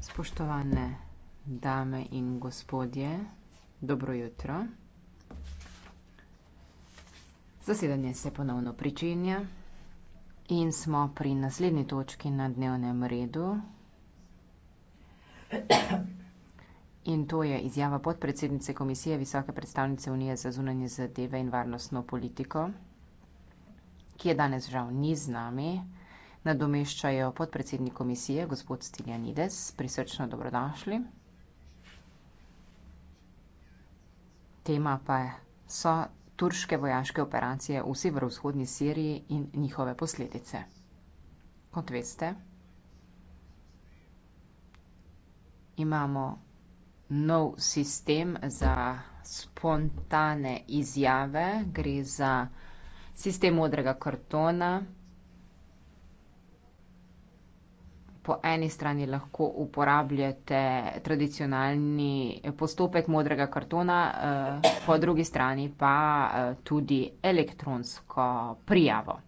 Spoštovane dame in gospodje, dobro jutro. Zasedanje se ponovno pričenja in smo pri naslednji točki na dnevnem redu. In to je izjava podpredsednice Komisije Visoke predstavnice Unije za zunanje zadeve in varnostno politiko, ki je danes žal ni z nami nadomeščajo podpredsednik komisije, gospod Stiljanides. Prisrčno dobrodošli. Tema pa so turške vojaške operacije v severovzhodni Siriji in njihove posledice. Kot veste, imamo nov sistem za spontane izjave, gre za sistem modrega kartona. po eni strani lahko uporabljate tradicionalni postopek modrega kartona, eh, po drugi strani pa eh, tudi elektronsko prijavo.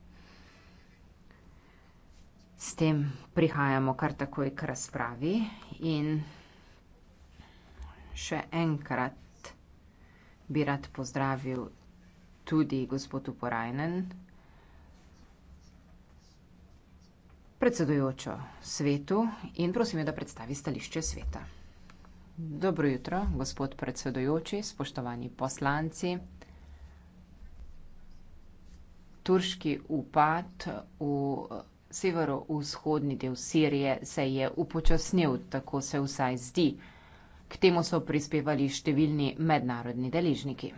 S tem prihajamo kar takoj k razpravi in še enkrat bi rad pozdravil tudi gospod Uporajnen. predsedujočo svetu in prosim jo, da predstavi stališče sveta. Dobro jutro, gospod predsedujoči, spoštovani poslanci. Turški upad v severovzhodni del Sirije se je upočasnil, tako se vsaj zdi. K temu so prispevali številni mednarodni deležniki.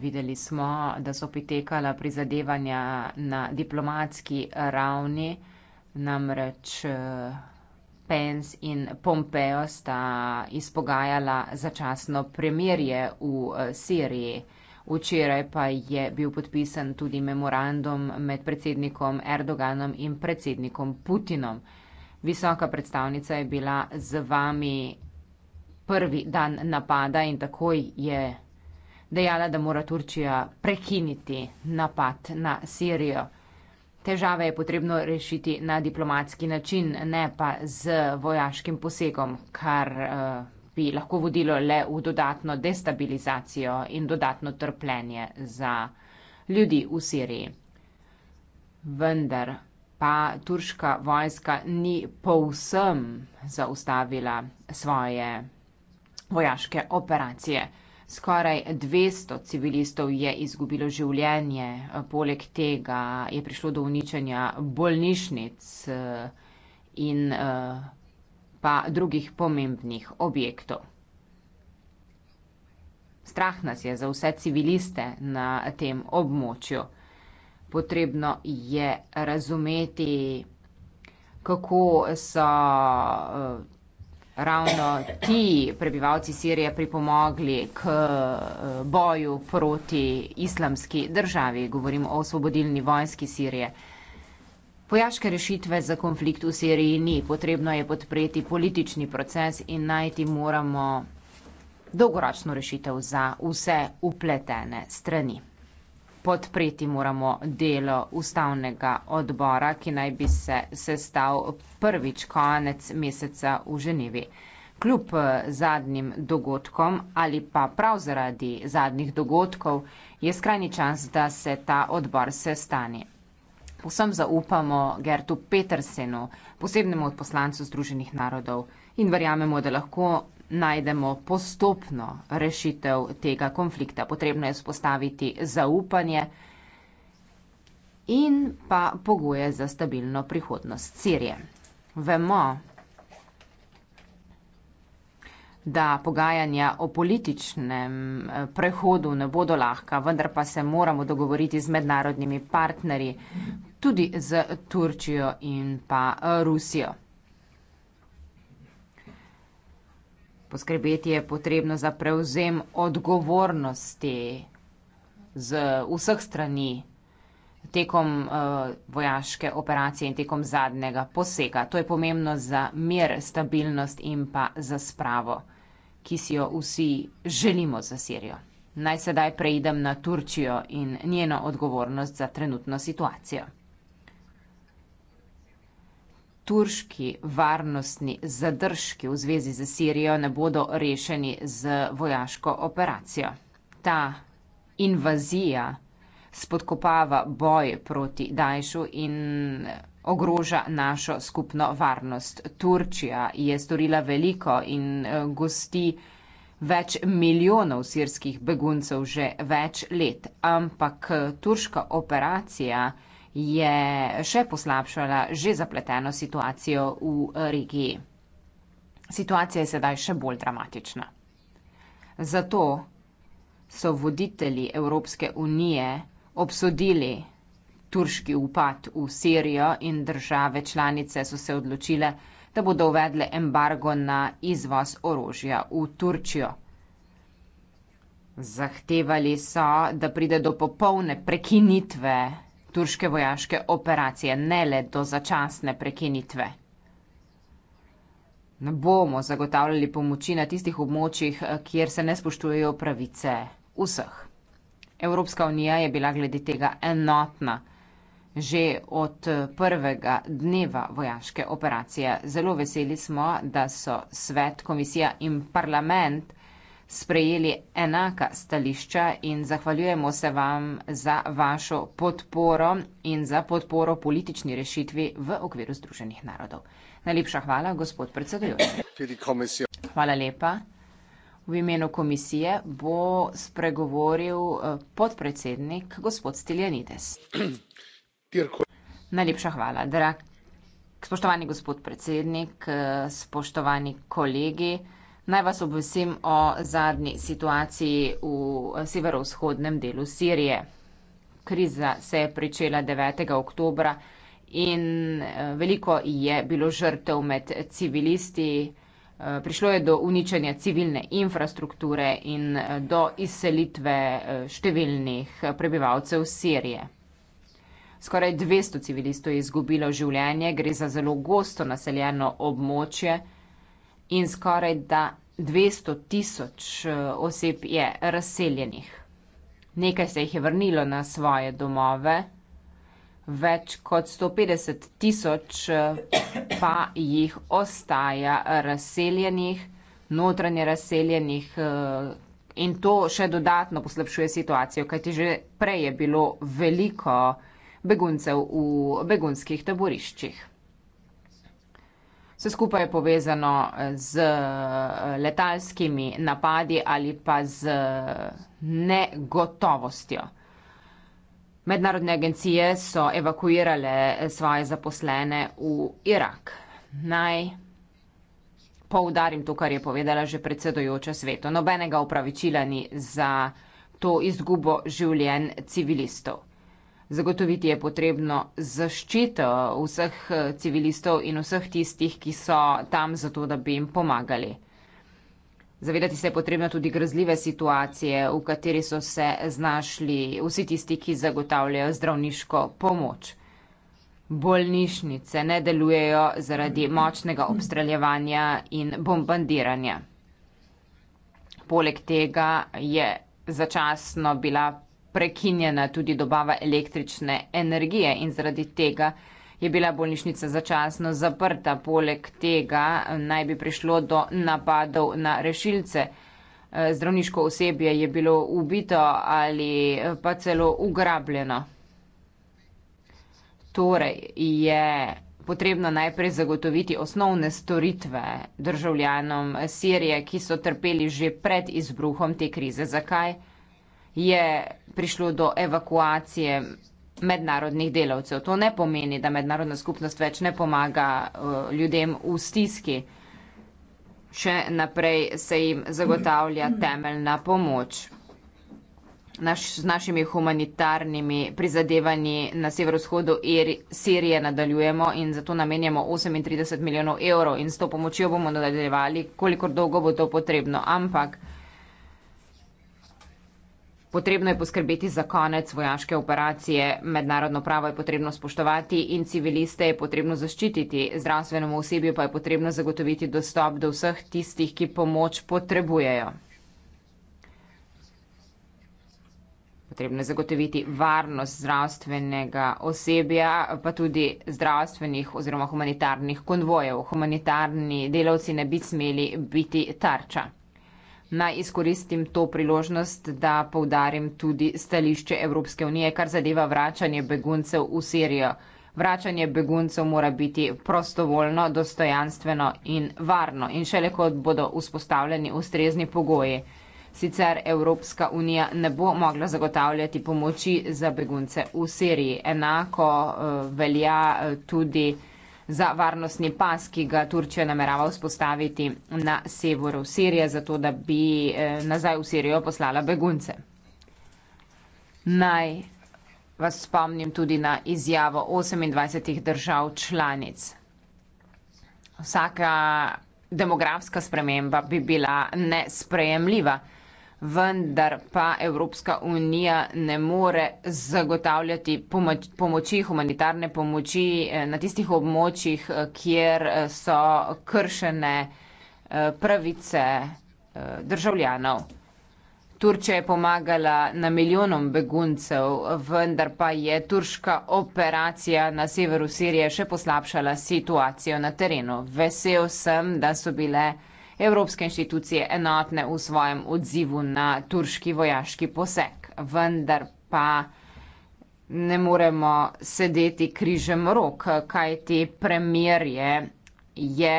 Videli smo, da so potekala prizadevanja na diplomatski ravni, namreč eh, Pence in Pompeo sta izpogajala začasno premirje v eh, Siriji. Včeraj pa je bil podpisan tudi memorandum med predsednikom Erdoganom in predsednikom Putinom. Visoka predstavnica je bila z vami prvi dan napada in takoj je dejala, da mora Turčija prekiniti napad na Sirijo. Težave je potrebno rešiti na diplomatski način, ne pa z vojaškim posegom, kar eh, bi lahko vodilo le v dodatno destabilizacijo in dodatno trpljenje za ljudi v Siriji. Vendar pa turška vojska ni povsem zaustavila svoje vojaške operacije. Skoraj 200 civilistov je izgubilo življenje, poleg tega je prišlo do uničenja bolnišnic in pa drugih pomembnih objektov. Strah nas je za vse civiliste na tem območju. Potrebno je razumeti, kako so ravno ti prebivalci Sirije pripomogli k eh, boju proti islamski državi, govorim o osvobodilni vojski Sirije. Vojaške rešitve za konflikt v Siriji ni, potrebno je podpreti politični proces in najti moramo dolgoročno rešitev za vse upletene strani podpreti moramo delo ustavnega odbora, ki naj bi se sestav prvič konec meseca v Ženevi. Kljub eh, zadnjim dogodkom ali pa prav zaradi zadnjih dogodkov je skrajni čas, da se ta odbor sestani. Vsem zaupamo Gertu Petersenu, posebnemu odposlancu Združenih narodov in verjamemo, da lahko najdemo postopno rešitev tega konflikta. Potrebno je spostaviti zaupanje in pa pogoje za stabilno prihodnost Sirije. Vemo, da pogajanja o političnem eh, prehodu ne bodo lahka, vendar pa se moramo dogovoriti z mednarodnimi partnerji, tudi z Turčijo in pa eh, Rusijo. Poskrbeti je potrebno za prevzem odgovornosti z vseh strani tekom uh, vojaške operacije in tekom zadnjega posega. To je pomembno za mir, stabilnost in pa za spravo, ki si jo vsi želimo za Sirijo. Naj sedaj preidem na Turčijo in njeno odgovornost za trenutno situacijo turški varnostni zadržki v zvezi z Sirijo ne bodo rešeni z vojaško operacijo. Ta invazija spodkopava boj proti Dajšu in ogroža našo skupno varnost. Turčija je storila veliko in eh, gosti več milijonov sirskih beguncev že več let, ampak eh, turška operacija je še poslabšala že zapleteno situacijo v eh, regiji. Situacija je sedaj še bolj dramatična. Zato so voditelji Evropske unije obsodili turški upad v Sirijo in države članice so se odločile, da bodo uvedle embargo na izvoz orožja v Turčijo. Zahtevali so, da pride do popolne prekinitve turške vojaške operacije, ne le do začasne prekinitve. Ne bomo zagotavljali pomoči na tistih območjih, kjer se ne spoštujejo pravice vseh. Evropska unija je bila glede tega enotna že od prvega dneva vojaške operacije. Zelo veseli smo, da so svet, komisija in parlament sprejeli enaka stališča in zahvaljujemo se vam za vašo podporo in za podporo politični rešitvi v okviru Združenih narodov. Najlepša hvala, gospod predsedujoči. Hvala lepa. V imenu komisije bo spregovoril eh, podpredsednik gospod Stiljanides. Najlepša hvala, drag. Spoštovani gospod predsednik, eh, spoštovani kolegi. Naj vas obvesim o zadnji situaciji v severovzhodnem delu Sirije. Kriza se je pričela 9. oktobra in eh, veliko je bilo žrtev med civilisti. Eh, prišlo je do uničenja civilne infrastrukture in eh, do izselitve številnih prebivalcev Sirije. Skoraj 200 civilistov je izgubilo življenje, gre za zelo gosto naseljeno območje in skoraj da 200 tisoč eh, oseb je razseljenih. Nekaj se jih je vrnilo na svoje domove, več kot 150 tisoč eh, pa jih ostaja razseljenih, notranje razseljenih eh, in to še dodatno poslabšuje situacijo, kajti že prej je bilo veliko beguncev v begunskih taboriščih. Vse skupaj je povezano z eh, letalskimi napadi ali pa z eh, negotovostjo. Mednarodne agencije so evakuirale eh, svoje zaposlene v Irak. Naj poudarim to, kar je povedala že predsedojoča svetu. Nobenega upravičila ni za to izgubo življenj civilistov. Zagotoviti je potrebno zaščito vseh civilistov in vseh tistih, ki so tam zato, da bi jim pomagali. Zavedati se je potrebno tudi grozljive situacije, v kateri so se znašli vsi tisti, ki zagotavljajo zdravniško pomoč. Bolnišnice ne delujejo zaradi močnega obstreljevanja in bombardiranja. Poleg tega je začasno bila prekinjena tudi dobava električne energije in zaradi tega je bila bolnišnica začasno zaprta. Poleg tega eh, naj bi prišlo do napadov na rešilce. Eh, zdravniško osebje je bilo ubito ali eh, pa celo ugrabljeno. Torej je potrebno najprej zagotoviti osnovne storitve državljanom Sirije, ki so trpeli že pred izbruhom te krize. Zakaj? je prišlo do evakuacije mednarodnih delavcev. To ne pomeni, da mednarodna skupnost več ne pomaga uh, ljudem v stiski. Še naprej se jim zagotavlja temeljna pomoč. Naš, z našimi humanitarnimi prizadevanji na severovzhodu Sirije nadaljujemo in zato namenjamo 38 milijonov evrov in s to pomočjo bomo nadaljevali, kolikor dolgo bo to potrebno. Ampak Potrebno je poskrbeti za konec vojaške operacije, mednarodno pravo je potrebno spoštovati in civiliste je potrebno zaščititi, zdravstvenemu osebju pa je potrebno zagotoviti dostop do vseh tistih, ki pomoč potrebujejo. Potrebno je zagotoviti varnost zdravstvenega osebja, pa tudi zdravstvenih oziroma humanitarnih konvojev. Humanitarni delavci ne bi smeli biti tarča naj izkoristim to priložnost, da povdarim tudi stališče Evropske unije, kar zadeva vračanje beguncev v Sirijo. Vračanje beguncev mora biti prostovoljno, dostojanstveno in varno in šele kot bodo vzpostavljeni ustrezni pogoji. Sicer Evropska unija ne bo mogla zagotavljati pomoči za begunce v Siriji. Enako eh, velja eh, tudi za varnostni pas, ki ga Turčija namerava vzpostaviti na severu Sirije, zato da bi eh, nazaj v Sirijo poslala begunce. Naj vas spomnim tudi na izjavo 28 držav članic. Vsaka demografska sprememba bi bila nesprejemljiva vendar pa Evropska unija ne more zagotavljati pomoč, pomoči, humanitarne pomoči eh, na tistih območjih, eh, kjer eh, so kršene pravice državljanov. Turčija je pomagala na milijonom beguncev, vendar pa je turška operacija na severu Sirije še poslabšala situacijo na terenu. Vesel sem, da so bile evropske inštitucije enotne v svojem odzivu na turški vojaški poseg. Vendar pa ne moremo sedeti križem rok, kaj te premjerje je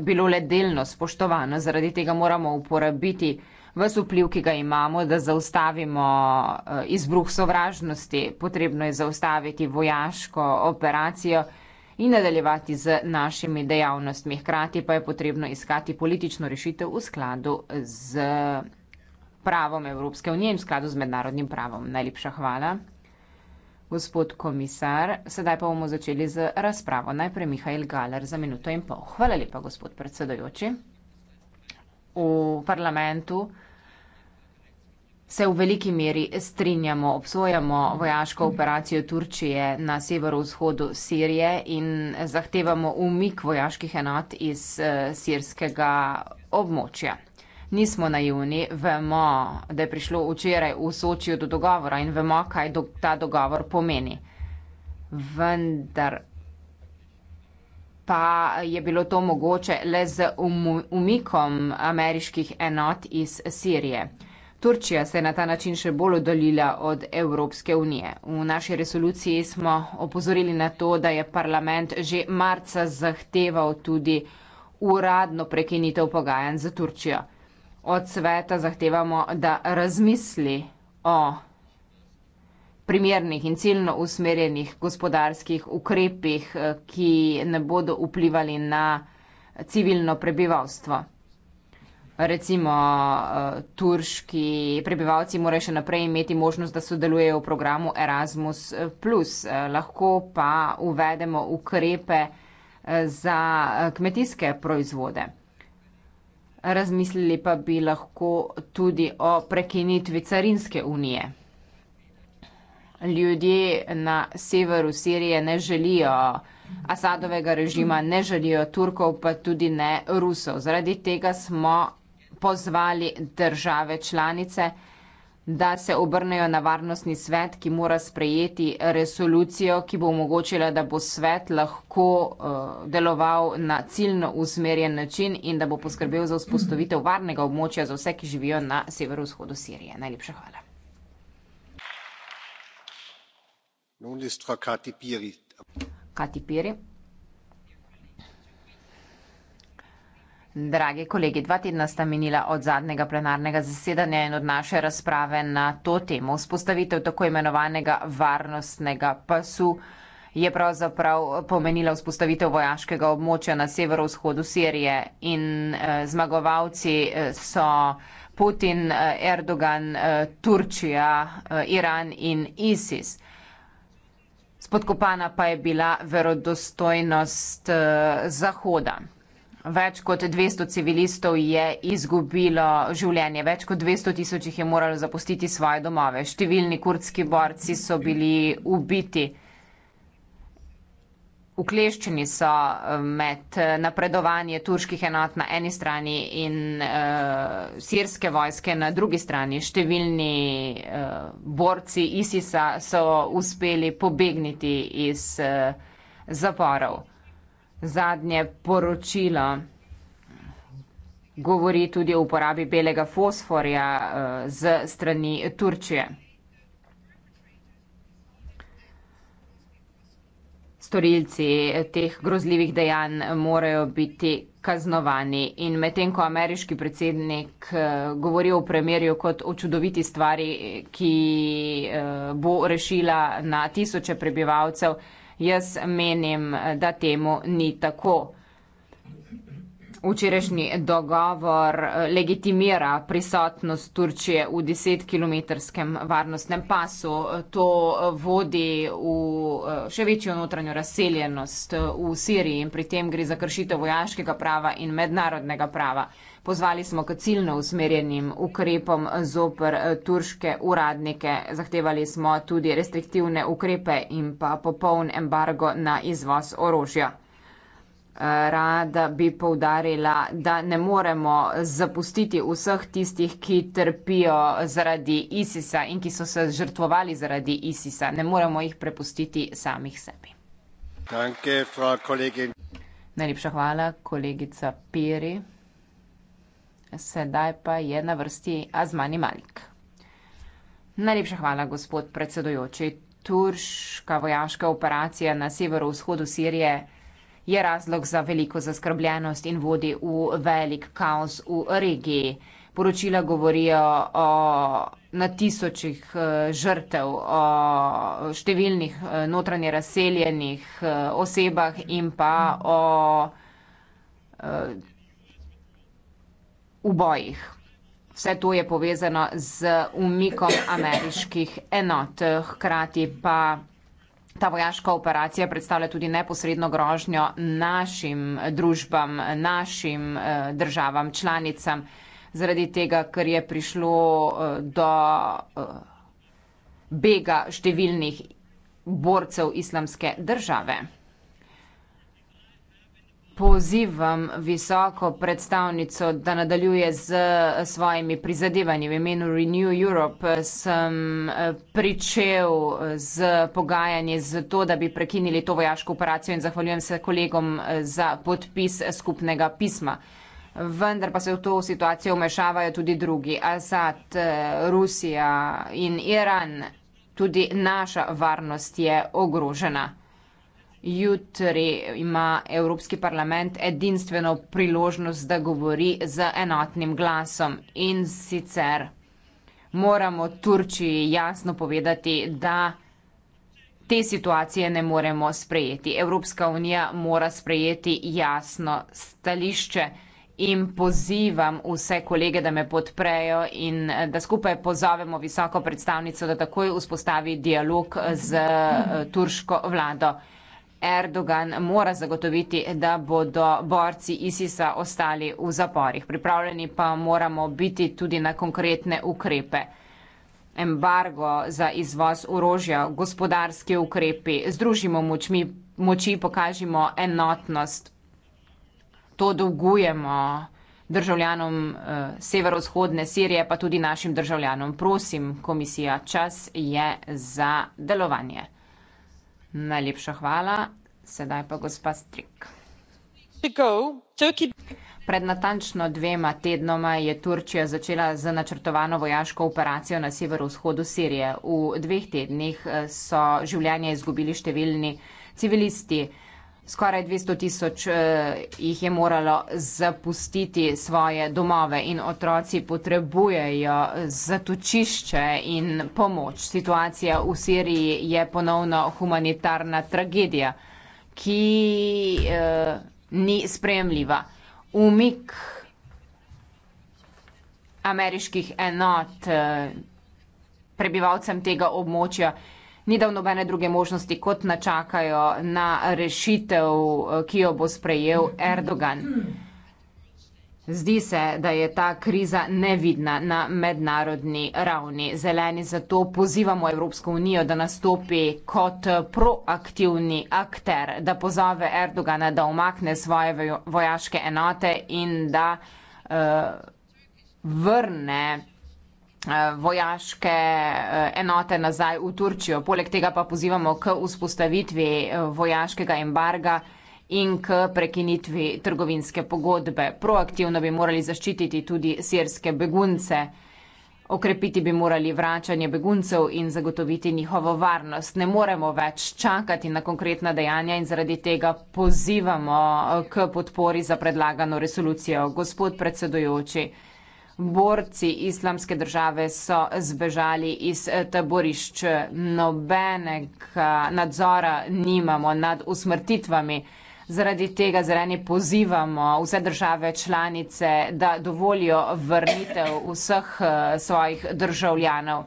bilo le delno spoštovano, zaradi tega moramo uporabiti Ves vpliv, ki ga imamo, da zaustavimo eh, izbruh sovražnosti, potrebno je zaustaviti vojaško operacijo in nadaljevati z našimi dejavnostmi. Hkrati pa je potrebno iskati politično rešitev v skladu z pravom Evropske unije in v skladu z mednarodnim pravom. Najlepša hvala. Gospod komisar, sedaj pa bomo začeli z razpravo. Najprej Mihajl Galer za minuto in pol. Hvala lepa, gospod predsedojoči. V parlamentu. Se v veliki meri strinjamo, obsojamo vojaško operacijo Turčije na severovzhodu Sirije in zahtevamo umik vojaških enot iz eh, sirskega območja. Nismo naivni, vemo, da je prišlo včeraj v Sočiju do dogovora in vemo, kaj do, ta dogovor pomeni. Vendar pa je bilo to mogoče le z um, umikom ameriških enot iz Sirije. Turčija se je na ta način še bolj oddaljila od Evropske unije. V naši resoluciji smo opozorili na to, da je parlament že marca zahteval tudi uradno prekinitev pogajanj za Turčijo. Od sveta zahtevamo, da razmisli o primernih in ciljno usmerjenih gospodarskih ukrepih, eh, ki ne bodo vplivali na civilno prebivalstvo recimo uh, turški prebivalci morajo še naprej imeti možnost, da sodelujejo v programu Erasmus, uh, lahko pa uvedemo ukrepe uh, za kmetijske proizvode. Razmislili pa bi lahko tudi o prekinitvi carinske unije. Ljudje na severu Sirije ne želijo Asadovega režima, ne želijo Turkov, pa tudi ne Rusov. Zaradi tega smo pozvali države članice, da se obrnejo na varnostni svet, ki mora sprejeti resolucijo, ki bo omogočila, da bo svet lahko uh, deloval na ciljno usmerjen način in da bo poskrbel za vzpostavitev varnega območja za vse, ki živijo na severovzhodu Sirije. Najlepša hvala. Kati Piri. Dragi kolegi, dva tedna sta minila od zadnjega plenarnega zasedanja in od naše razprave na to temo. Vzpostavitev tako imenovanega varnostnega pasu je pravzaprav pomenila vzpostavitev vojaškega območja na severovzhodu Sirije in eh, zmagovalci eh, so Putin, eh, Erdogan, eh, Turčija, Iran in ISIS. Spodkopana pa je bila verodostojnost Zahoda. Več kot 200 civilistov je izgubilo življenje, več kot 200 tisoč jih je moralo zapustiti svoje domove. Številni kurdski borci so bili ubiti. Ukleščeni so eh, med napredovanje turških enot na eni strani in uh, sirske vojske na drugi strani. Številni uh, borci ISIS-a so uspeli pobegniti iz uh, zaporov zadnje poročilo govori tudi o uporabi belega fosforja eh, z strani Turčije. Storilci eh, teh grozljivih dejanj morajo biti kaznovani in medtem, ko ameriški predsednik eh, govori o premirju kot o čudoviti stvari, ki bo rešila na tisoče prebivalcev, Jaz menim, da temu ni tako včerajšnji dogovor eh, legitimira prisotnost Turčije v 10-kilometrskem varnostnem pasu. To eh, vodi v eh, še večjo notranjo razseljenost v Siriji in pri tem gre za kršitev vojaškega prava in mednarodnega prava. Pozvali smo k ciljno usmerjenim ukrepom zoper turške uradnike. Zahtevali smo tudi restriktivne ukrepe in pa popoln embargo na izvoz orožja rada bi povdarila, da ne moremo zapustiti vseh tistih, ki trpijo zaradi ISIS-a in ki so se žrtvovali zaradi ISIS-a. Ne moremo jih prepustiti samih sebi. Danke, Najlepša hvala, kolegica Piri. Sedaj pa je na vrsti Azmani Malik. Najlepša hvala, gospod predsedujoči. Turška vojaška operacija na severovzhodu Sirije je razlog za veliko zaskrbljenost in vodi v velik kaos v regiji. Poročila govorijo o na tisočih eh, žrtev, o številnih eh, notranje razseljenih eh, osebah in pa o ubojih. Vse to je povezano z umikom ameriških enot, hkrati pa Ta vojaška operacija predstavlja tudi neposredno grožnjo našim družbam, našim eh, državam, članicam, zaradi tega, ker je prišlo eh, do eh, bega številnih borcev islamske države pozivam visoko predstavnico, da nadaljuje z svojimi prizadevanji v imenu Renew Europe, eh, sem eh, pričel eh, z pogajanje za to, da bi prekinili to vojaško operacijo in zahvaljujem se kolegom za podpis skupnega pisma. Vendar pa se v to situacijo vmešavajo tudi drugi, Asad, Rusija in Iran. Tudi naša varnost je ogrožena. Jutri ima Evropski parlament edinstveno priložnost, da govori z enotnim glasom in sicer moramo Turčiji jasno povedati, da te situacije ne moremo sprejeti. Evropska unija mora sprejeti jasno stališče in pozivam vse kolege, da me podprejo in da skupaj pozovemo visoko predstavnico, da takoj vzpostavi dialog z eh, turško vlado. Erdogan mora zagotoviti, da bodo borci ISIS-a ostali v zaporih. Pripravljeni pa moramo biti tudi na konkretne ukrepe. Embargo za izvoz orožja, gospodarske ukrepi, združimo močmi, moči, pokažimo enotnost. To dolgujemo državljanom eh, severovzhodne Sirije, pa tudi našim državljanom. Prosim, komisija, čas je za delovanje. Najlepša hvala. Sedaj pa gospa Strik. Pred natančno dvema tednoma je Turčija začela z načrtovano vojaško operacijo na severovzhodu Sirije. V dveh tednih eh, so življenje izgubili številni civilisti. Skoraj 200 tisoč eh, jih je moralo zapustiti svoje domove in otroci potrebujejo zatočišče in pomoč. Situacija v Siriji je ponovno humanitarna tragedija, ki eh, ni spremljiva. Umik ameriških enot eh, prebivalcem tega območja ni dal nobene druge možnosti, kot načakajo na rešitev, ki jo bo sprejel Erdogan. Zdi se, da je ta kriza nevidna na mednarodni ravni. Zeleni zato pozivamo Evropsko unijo, da nastopi kot proaktivni akter, da pozove Erdogana, da omakne svoje vojaške enote in da uh, vrne Eh, vojaške eh, enote nazaj v Turčijo. Poleg tega pa pozivamo k vzpostavitvi eh, vojaškega embarga in k prekinitvi trgovinske pogodbe. Proaktivno bi morali zaščititi tudi sirske begunce. Okrepiti bi morali vračanje beguncev in zagotoviti njihovo varnost. Ne moremo več čakati na konkretna dejanja in zaradi tega pozivamo k podpori za predlagano resolucijo. Gospod predsedujoči, borci islamske države so zbežali iz eh, taborišč. Nobenega nadzora nimamo nad usmrtitvami. Zaradi tega zreni pozivamo vse države članice, da dovolijo vrnitev vseh eh, svojih državljanov.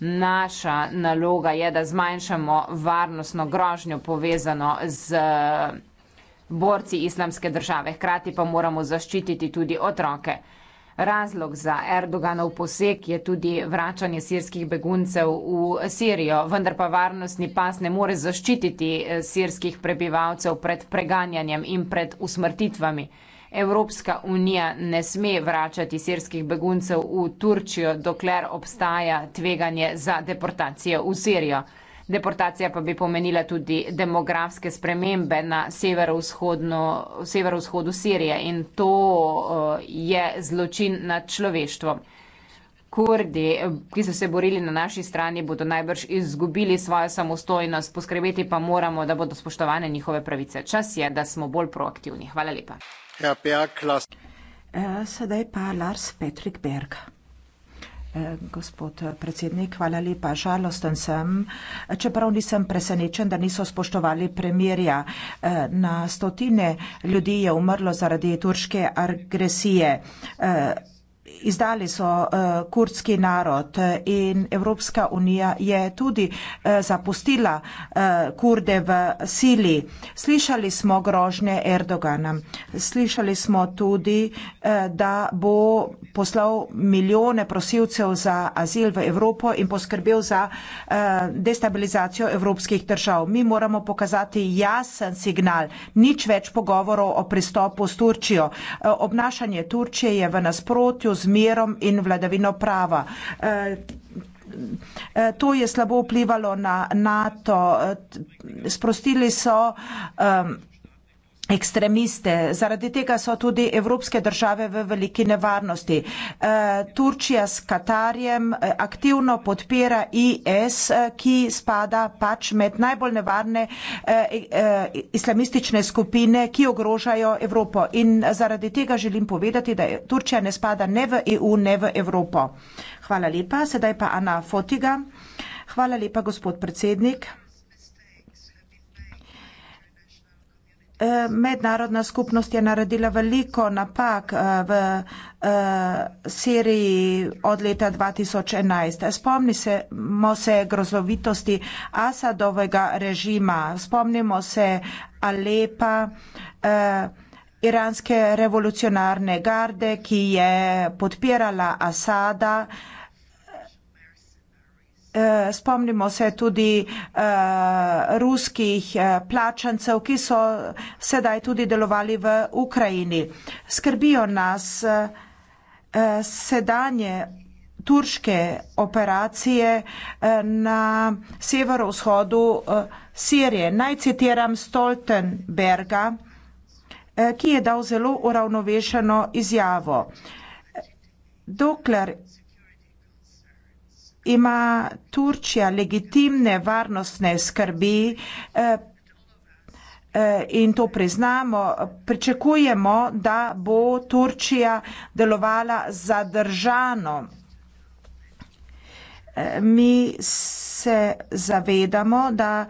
Naša naloga je, da zmanjšamo varnostno grožnjo povezano z eh, borci islamske države. Hkrati pa moramo zaščititi tudi otroke. Razlog za Erdoganov poseg je tudi vračanje sirskih beguncev v Sirijo, vendar pa varnostni pas ne more zaščititi eh, sirskih prebivalcev pred preganjanjem in pred usmrtitvami. Evropska unija ne sme vračati sirskih beguncev v Turčijo, dokler obstaja tveganje za deportacijo v Sirijo. Deportacija pa bi pomenila tudi demografske spremembe na severovzhodu severo Sirije in to eh, je zločin nad človeštvom. Kurdi, ki so se borili na naši strani, bodo najbrž izgubili svojo samostojnost, poskrbeti pa moramo, da bodo spoštovane njihove pravice. Čas je, da smo bolj proaktivni. Hvala lepa. Ja, eh, Sedaj pa Lars Petrik Berg. Eh, gospod predsednik, hvala lepa. Žalosten sem, čeprav nisem presenečen, da niso spoštovali premirja. Eh, na stotine ljudi je umrlo zaradi turške agresije. Eh, izdali so uh, kurdski narod eh, in Evropska unija je tudi uh, zapustila uh, kurde v sili. Slišali smo grožnje Erdogana, slišali smo tudi, uh, da bo poslal milijone prosilcev za azil v Evropo in poskrbel za uh, destabilizacijo evropskih držav. Mi moramo pokazati jasen signal, nič več pogovorov o pristopu s Turčijo. Uh, obnašanje Turčije je v nasprotju z mirom in vladavino prava. Eh, eh, to je slabo vplivalo na NATO. Eh, sprostili so um, ekstremiste. Zaradi tega so tudi evropske države v veliki nevarnosti. Eh, Turčija s Katarjem eh, aktivno podpira IS, eh, ki spada pač med najbolj nevarne islamistične skupine, ki ogrožajo Evropo. In zaradi tega želim povedati, da Turčija ne spada ne v EU, ne v Evropo. Hvala lepa. Sedaj pa Ana Fotiga. Hvala lepa, gospod predsednik. Eh, mednarodna skupnost je naredila veliko napak eh, v eh, Siriji od leta 2011. Spomnimo se grozovitosti Asadovega režima, spomnimo se Alepa, iranske revolucionarne garde, ki je podpirala Asada. Eh, spomnimo se tudi uh, ruskih uh, plačancev, ki so sedaj tudi delovali v Ukrajini. Skrbijo nas uh, sedanje turške operacije uh, na severovzhodu uh, Sirije. Naj citiram Stoltenberga, uh, ki je dal zelo uravnovešeno izjavo. Dokler ima Turčija legitimne varnostne skrbi eh, in to priznamo, pričakujemo, da bo Turčija delovala zadržano. Eh, mi se zavedamo, da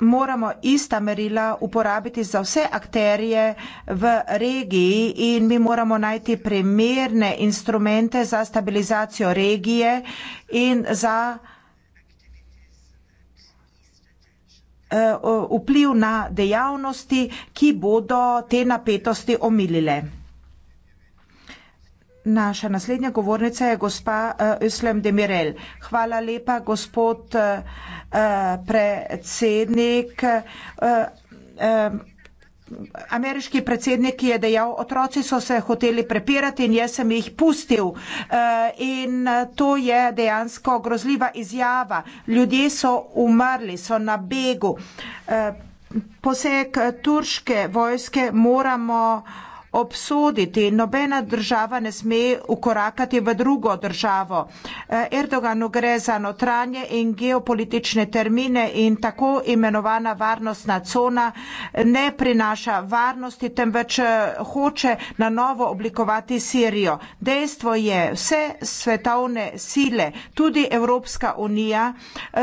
moramo ista merila uporabiti za vse akterje v regiji in mi moramo najti primerne instrumente za stabilizacijo regije in za eh, vpliv na dejavnosti, ki bodo te napetosti omilile. Naša naslednja govornica je gospa eh, Öslem Demirel. Hvala lepa, gospod eh, eh, predsednik. Ameriški predsednik je dejal, otroci so se hoteli prepirati in jaz sem jih pustil. In to je dejansko grozljiva izjava. Ljudje so umrli, so na begu. Poseg turške vojske moramo obsoditi. Nobena država ne sme ukorakati v drugo državo. Eh, Erdoganu gre za notranje in geopolitične termine in tako imenovana varnostna cona eh, ne prinaša varnosti, temveč eh, hoče na novo oblikovati Sirijo. Dejstvo je, vse svetovne sile, tudi Evropska unija,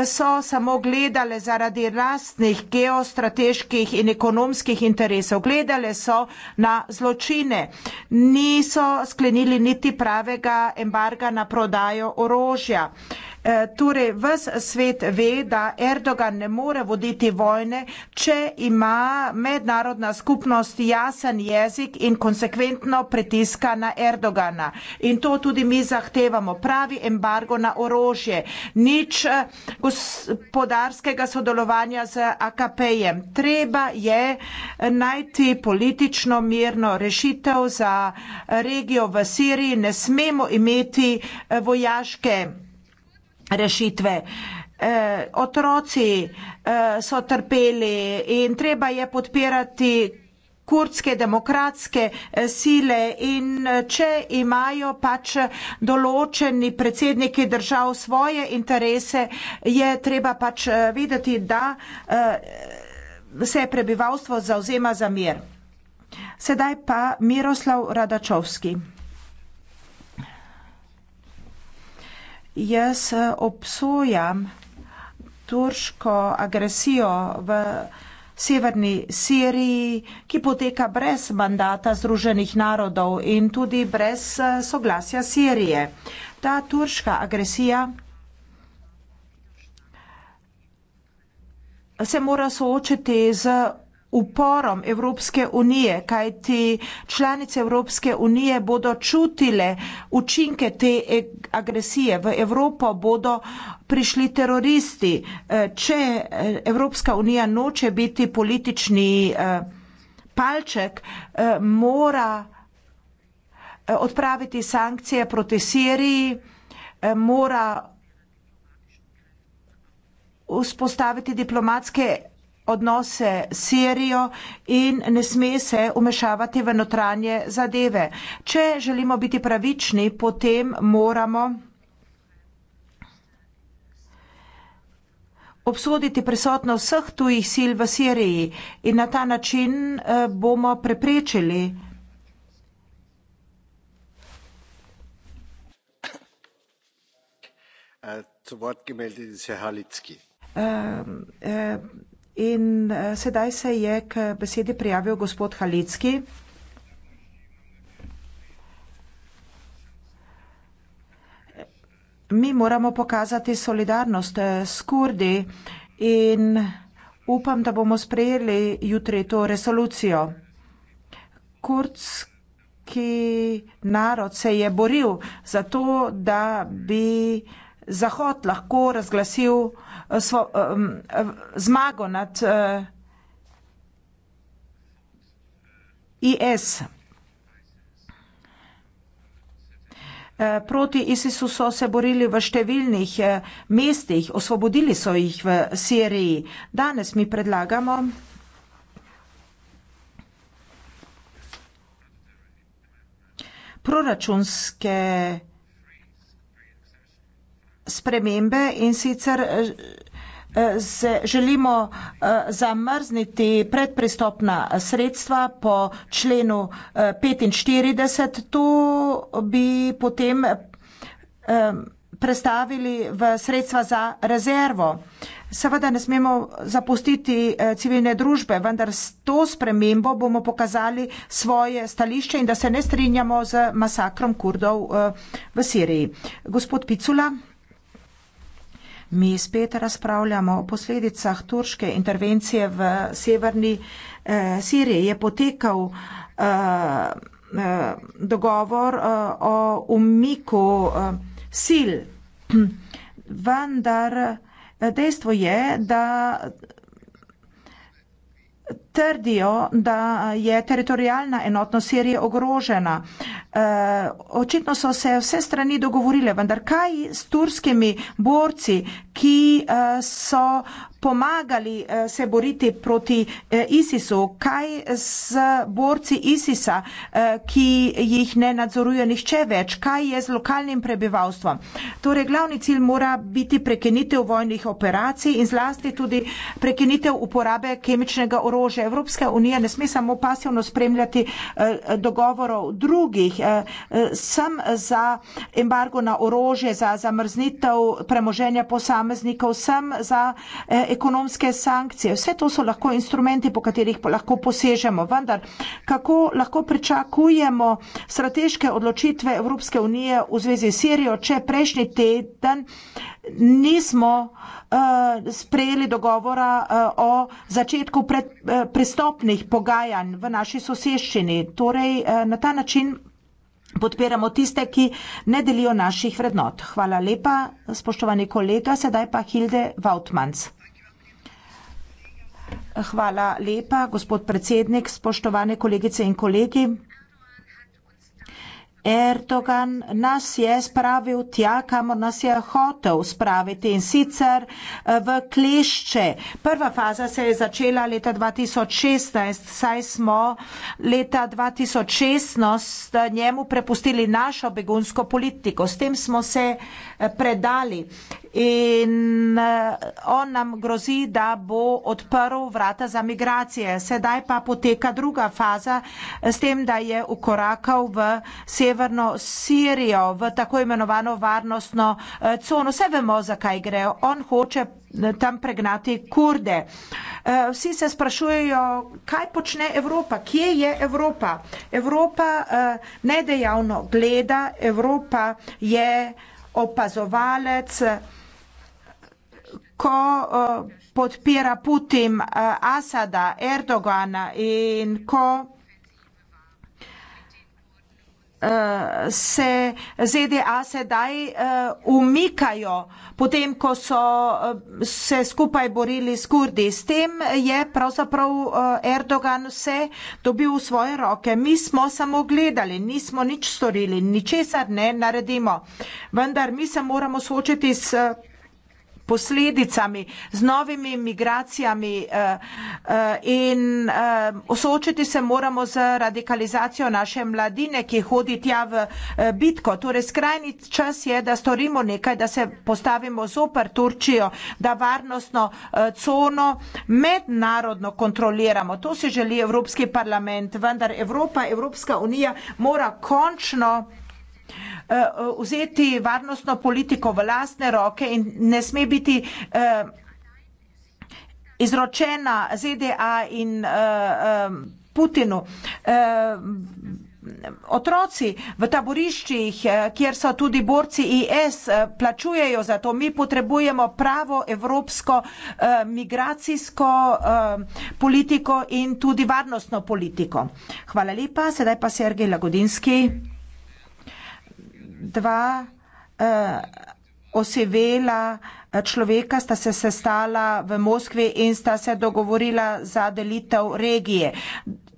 so samo gledale zaradi rastnih geostrateških in ekonomskih interesov. Gledale so na zločine zločine, niso sklenili niti pravega embarga na prodajo orožja. Uh, E, torej, ves svet ve, da Erdogan ne more voditi vojne, če ima mednarodna skupnost jasen jezik in konsekventno pritiska na Erdogana. In to tudi mi zahtevamo. Pravi embargo na orožje. Nič e, gospodarskega sodelovanja z AKP-jem. Treba je e, najti politično mirno rešitev za regijo v Siriji. Ne smemo imeti vojaške rešitve. E, otroci e, so trpeli in treba je podpirati kurdske demokratske e, sile in e, če imajo pač določeni predsedniki držav svoje interese, je treba pač e, videti, da se prebivalstvo zauzema za mir. Sedaj pa Miroslav Radačovski. Jaz eh, obsojam turško agresijo v severni Siriji, ki poteka brez mandata Združenih narodov in tudi brez eh, soglasja Sirije. Ta turška agresija se mora soočiti z uporom Evropske unije, kaj ti članice Evropske unije bodo čutile učinke te agresije. V Evropo bodo prišli teroristi. Eh, če eh, Evropska unija noče biti politični eh, palček, mora odpraviti sankcije proti Siriji, mora vzpostaviti diplomatske odnose s Sirijo in ne sme se umešavati v notranje zadeve. Če želimo biti pravični, potem moramo obsoditi prisotno vseh tujih sil v Siriji in na ta način eh, bomo preprečili Uh, uh, In eh, sedaj se je k besedi prijavil gospod Halecki. Mi moramo pokazati solidarnost eh, s kurdi in upam, da bomo sprejeli jutri to resolucijo. Kurdski narod se je boril za to, da bi Zahod lahko razglasil eh, svo, um, zmago nad uh, eh, IS. Proti ISIS-u so se borili v številnih mestih, osvobodili so jih v Siriji. Danes mi predlagamo, proračunske spremembe in sicer eh, eh, se želimo eh, zamrzniti predpristopna sredstva po členu 45. To bi potem prestavili v sredstva za rezervo. Seveda ne smemo zapustiti civilne družbe, vendar s to spremembo bomo pokazali svoje stališče in da se ne strinjamo z masakrom kurdov v Siriji. Gospod Picula. Mi spet razpravljamo o posledicah turške intervencije v severni eh, Siriji. Je potekal eh, eh, dogovor eh, o umiku eh, sil, vendar eh, dejstvo je, da trdijo, da je teritorijalna enotnost Sirije ogrožena. Eh, očitno so se vse strani dogovorile, vendar kaj s turskimi borci, ki eh, so pomagali eh, se boriti proti eh, ISIS-u. Kaj z borci ISIS-a, eh, ki jih ne nadzoruje nihče več? Kaj je z lokalnim prebivalstvom? Torej, glavni cilj mora biti prekinitev vojnih operacij in zlasti tudi prekinitev uporabe kemičnega orožja. Evropska unija ne sme samo pasivno spremljati dogovorov drugih. Sem za embargo na orožje, za zamrznitev premoženja posameznikov, sem za ekonomske sankcije. Vse to so lahko instrumenti, po katerih lahko posežemo. Vendar, kako lahko pričakujemo strateške odločitve Evropske unije v zvezi s Sirijo, če prejšnji teden nismo uh, sprejeli dogovora uh, o začetku pred, uh, pristopnih pogajanj v naši soseščini. Torej, uh, na ta način podpiramo tiste, ki ne delijo naših vrednot. Hvala lepa, spoštovani kolega, sedaj pa Hilde Vautmans. Hvala lepa, gospod predsednik, spoštovane kolegice in kolegi. Erdogan nas je spravil tja, kamor nas je hotel spraviti in sicer eh, v klišče. Prva faza se je začela leta 2016, saj smo leta 2016 njemu prepustili našo begunsko politiko. S tem smo se eh, predali in eh, on nam grozi, da bo odprl vrata za migracije. Sedaj pa poteka druga faza s tem, da je ukorakal v sever severno Sirijo, v tako imenovano varnostno eh, cono. Vse vemo, zakaj gre. On hoče eh, tam pregnati kurde. Eh, vsi se sprašujejo, kaj počne Evropa, kje je Evropa. Evropa nedejavno gleda, Evropa je opazovalec, ko podpira Putin, Asada, Erdogana in ko uh, se ZDA sedaj uh, umikajo, potem ko so uh, se skupaj borili s kurdi. S tem je pravzaprav uh, Erdogan vse dobil v svoje roke. Mi smo samo gledali, nismo nič storili, ničesar ne naredimo. Vendar mi se moramo soočiti s. Uh, posledicami, z novimi migracijami eh, eh, in eh, osočiti se moramo z radikalizacijo naše mladine, ki hodi tja v bitko. Torej skrajni čas je, da storimo nekaj, da se postavimo zoper Turčijo, da varnostno cono mednarodno kontroliramo. To si želi Evropski parlament, vendar Evropa, Evropska unija mora končno Eh, vzeti varnostno politiko v lastne roke in ne sme biti eh, izročena ZDA in eh, Putinu. Otroci v taboriščih, kjer so tudi borci IS, plačujejo za to. Mi potrebujemo pravo evropsko migracijsko politiko in tudi varnostno politiko. Hvala lepa, sedaj pa Sergej Lagodinski dva uh, osevela eh, človeka sta se sestala v Moskvi in sta se dogovorila za delitev regije.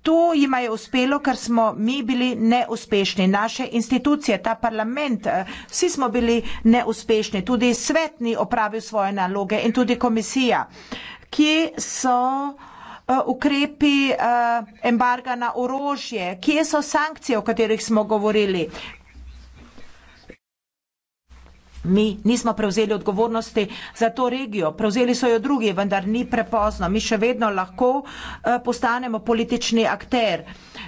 To jim je uspelo, ker smo mi bili neuspešni. Naše institucije, ta parlament, eh, vsi smo bili neuspešni. Tudi svet ni opravil svoje naloge in tudi komisija. Kje so ukrepi embarga na orožje, kje so sankcije, o katerih smo govorili, Mi nismo prevzeli odgovornosti za to regijo, prevzeli so jo drugi, vendar ni prepozno. Mi še vedno lahko eh, postanemo politični akter.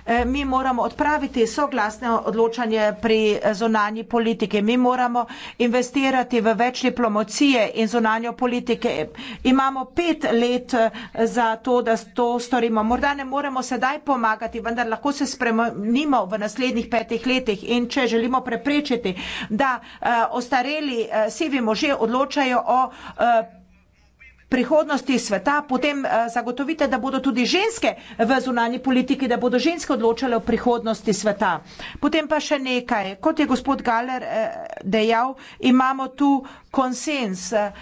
Eh, mi moramo odpraviti soglasno odločanje pri zonanji politiki, mi moramo investirati v več diplomacije in zonanjo politike. Imamo pet let eh, za to, da to storimo. Morda ne moremo sedaj pomagati, vendar lahko se spremenimo v naslednjih petih letih in če želimo preprečiti, da eh, ostareli sivi možje odločajo o prihodnosti sveta, potem eh, zagotovite, da bodo tudi ženske v zunanji politiki, da bodo ženske odločale o prihodnosti sveta. Potem pa še nekaj, kot je gospod Galer eh, dejal, imamo tu konsens, eh,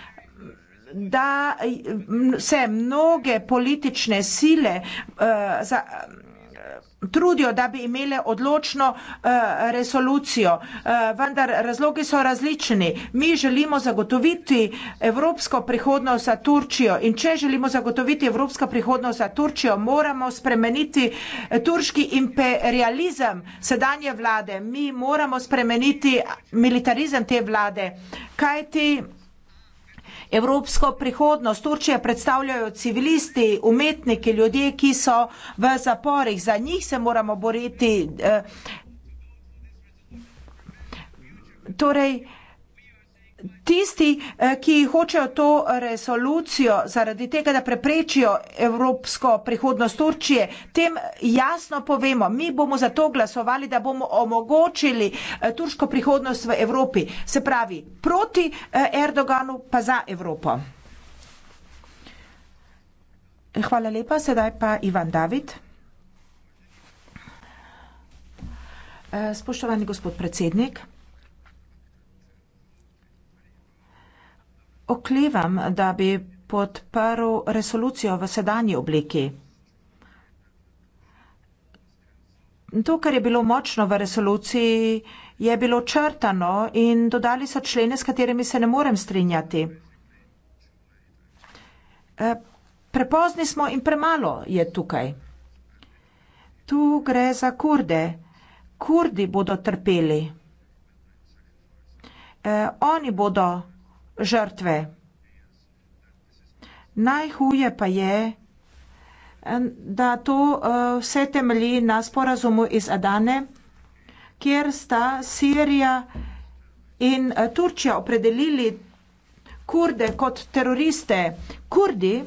da se mnoge politične sile za trudijo, da bi imele odločno eh, resolucijo, eh, vendar razlogi so različni. Mi želimo zagotoviti evropsko prihodnost za Turčijo in če želimo zagotoviti evropsko prihodnost za Turčijo, moramo spremeniti eh, turški imperializem sedanje vlade, mi moramo spremeniti militarizem te vlade. Kaj ti? evropsko prihodnost Turčije predstavljajo civilisti, umetniki, ljudje, ki so v zaporih. Za njih se moramo boriti. Eh, torej, Tisti, eh, ki hočejo to resolucijo zaradi tega, da preprečijo evropsko prihodnost Turčije, tem jasno povemo, mi bomo za to glasovali, da bomo omogočili eh, turško prihodnost v Evropi, se pravi proti eh, Erdoganu, pa za Evropo. Hvala lepa, sedaj pa Ivan David. Spoštovani gospod predsednik. oklevam, da bi podprl resolucijo v sedanji obliki. To, kar je bilo močno v resoluciji, je bilo črtano in dodali so člene, s katerimi se ne morem strinjati. E, prepozni smo in premalo je tukaj. Tu gre za kurde. Kurdi bodo trpeli. E, oni bodo trpeli žrtve. Najhuje pa je, eh, da to eh, vse temelji na sporazumu iz Adane, kjer sta Sirija in eh, Turčija opredelili kurde kot teroriste. Kurdi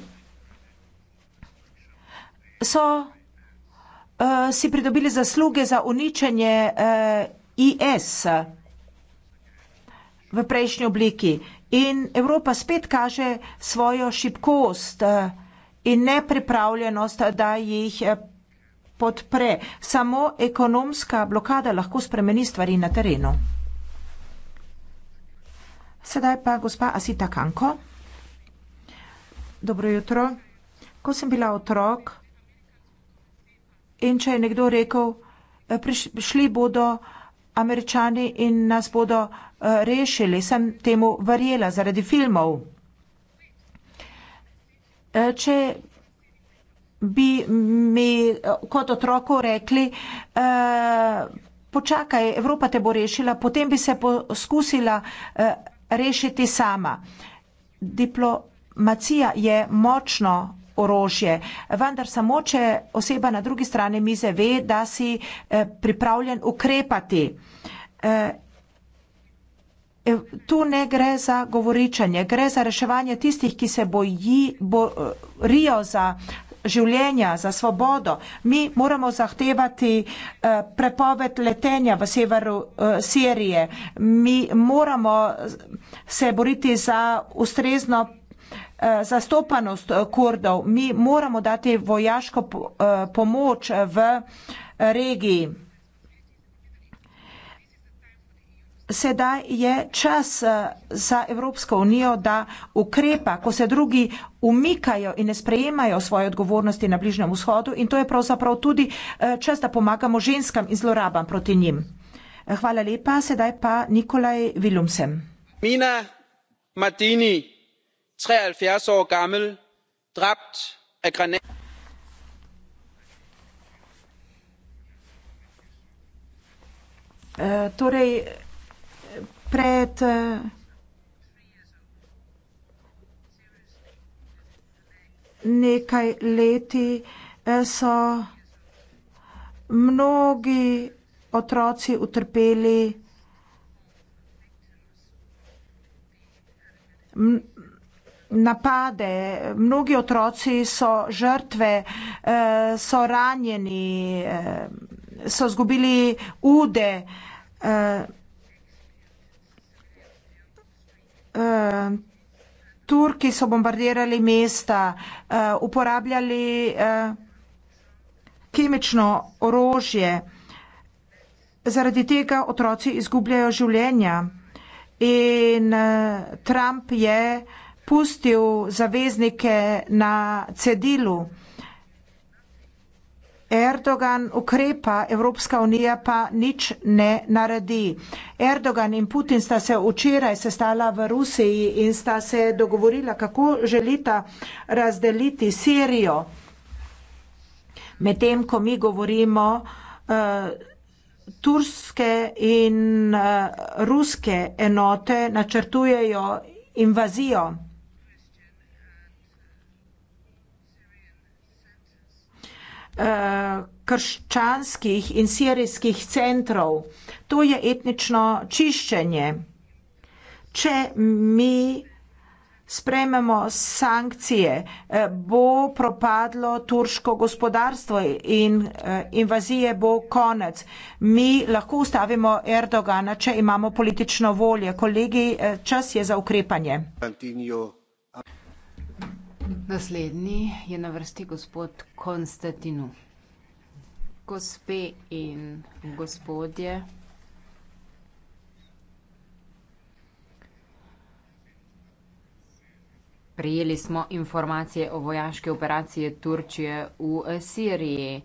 so si pridobili zasluge za uničenje IS v prejšnji obliki. In Evropa spet kaže svojo šibkost eh, in nepripravljenost, da jih eh, podpre. Samo ekonomska blokada lahko spremeni stvari na terenu. Sedaj pa gospa Asita Kanko. Dobro jutro. Ko sem bila otrok in če je nekdo rekel, eh, prišli bodo američani in nas bodo eh, rešili. Sem temu verjela zaradi filmov. Eh, če bi mi eh, kot otroku rekli, počakaj, Evropa te bo rešila, potem bi se poskusila rešiti sama. Diplomacija je močno orožje. Vendar samo, če oseba na drugi strani mize ve, da si eh, pripravljen ukrepati. Eh, eh, tu ne gre za govoričanje, gre za reševanje tistih, ki se boji, borijo za življenja, za svobodo. Mi moramo zahtevati prepoved letenja v severu Sirije. Mi moramo se boriti za ustrezno Eh, zastopanost eh, Kurdov. Mi moramo dati vojaško eh, pomoč v regiji. Sedaj je čas za Evropsko unijo, da ukrepa, ko se drugi umikajo in ne sprejemajo svoje odgovornosti na Bližnjem vzhodu in to je pravzaprav tudi čas, da pomagamo ženskam in zlorabam proti njim. Hvala lepa, sedaj pa Nikolaj Vilumsem. Mina Matini, 73 år gammel, dræbt af granat. Eh, torej pred, eh, nekaj leti, eh, so mnogi otroci utrpeli napade, mnogi otroci so žrtve, eh, so ranjeni, eh, so zgubili ude. Eh, Turki so bombardirali mesta, uporabljali kemično orožje. Zaradi tega otroci izgubljajo življenja. In Trump je uh, pustil zaveznike na cedilu. Erdogan ukrepa, Evropska unija pa nič ne naredi. Erdogan in Putin sta se včeraj sestala v Rusiji in sta se dogovorila, kako želita razdeliti Sirijo. Medtem, ko mi govorimo, eh, turske in eh, ruske enote načrtujejo invazijo. Eh, krščanskih in sirijskih centrov. To je etnično čiščenje. Če mi sprememo sankcije, eh, bo propadlo turško gospodarstvo in eh, invazije bo konec. Mi lahko ustavimo Erdogana, če imamo politično voljo. Kolegi, čas je za ukrepanje. Continue. Naslednji je na vrsti gospod Konstantinu. Gospe in gospodje, prijeli smo informacije o vojaški operaciji Turčije v Siriji.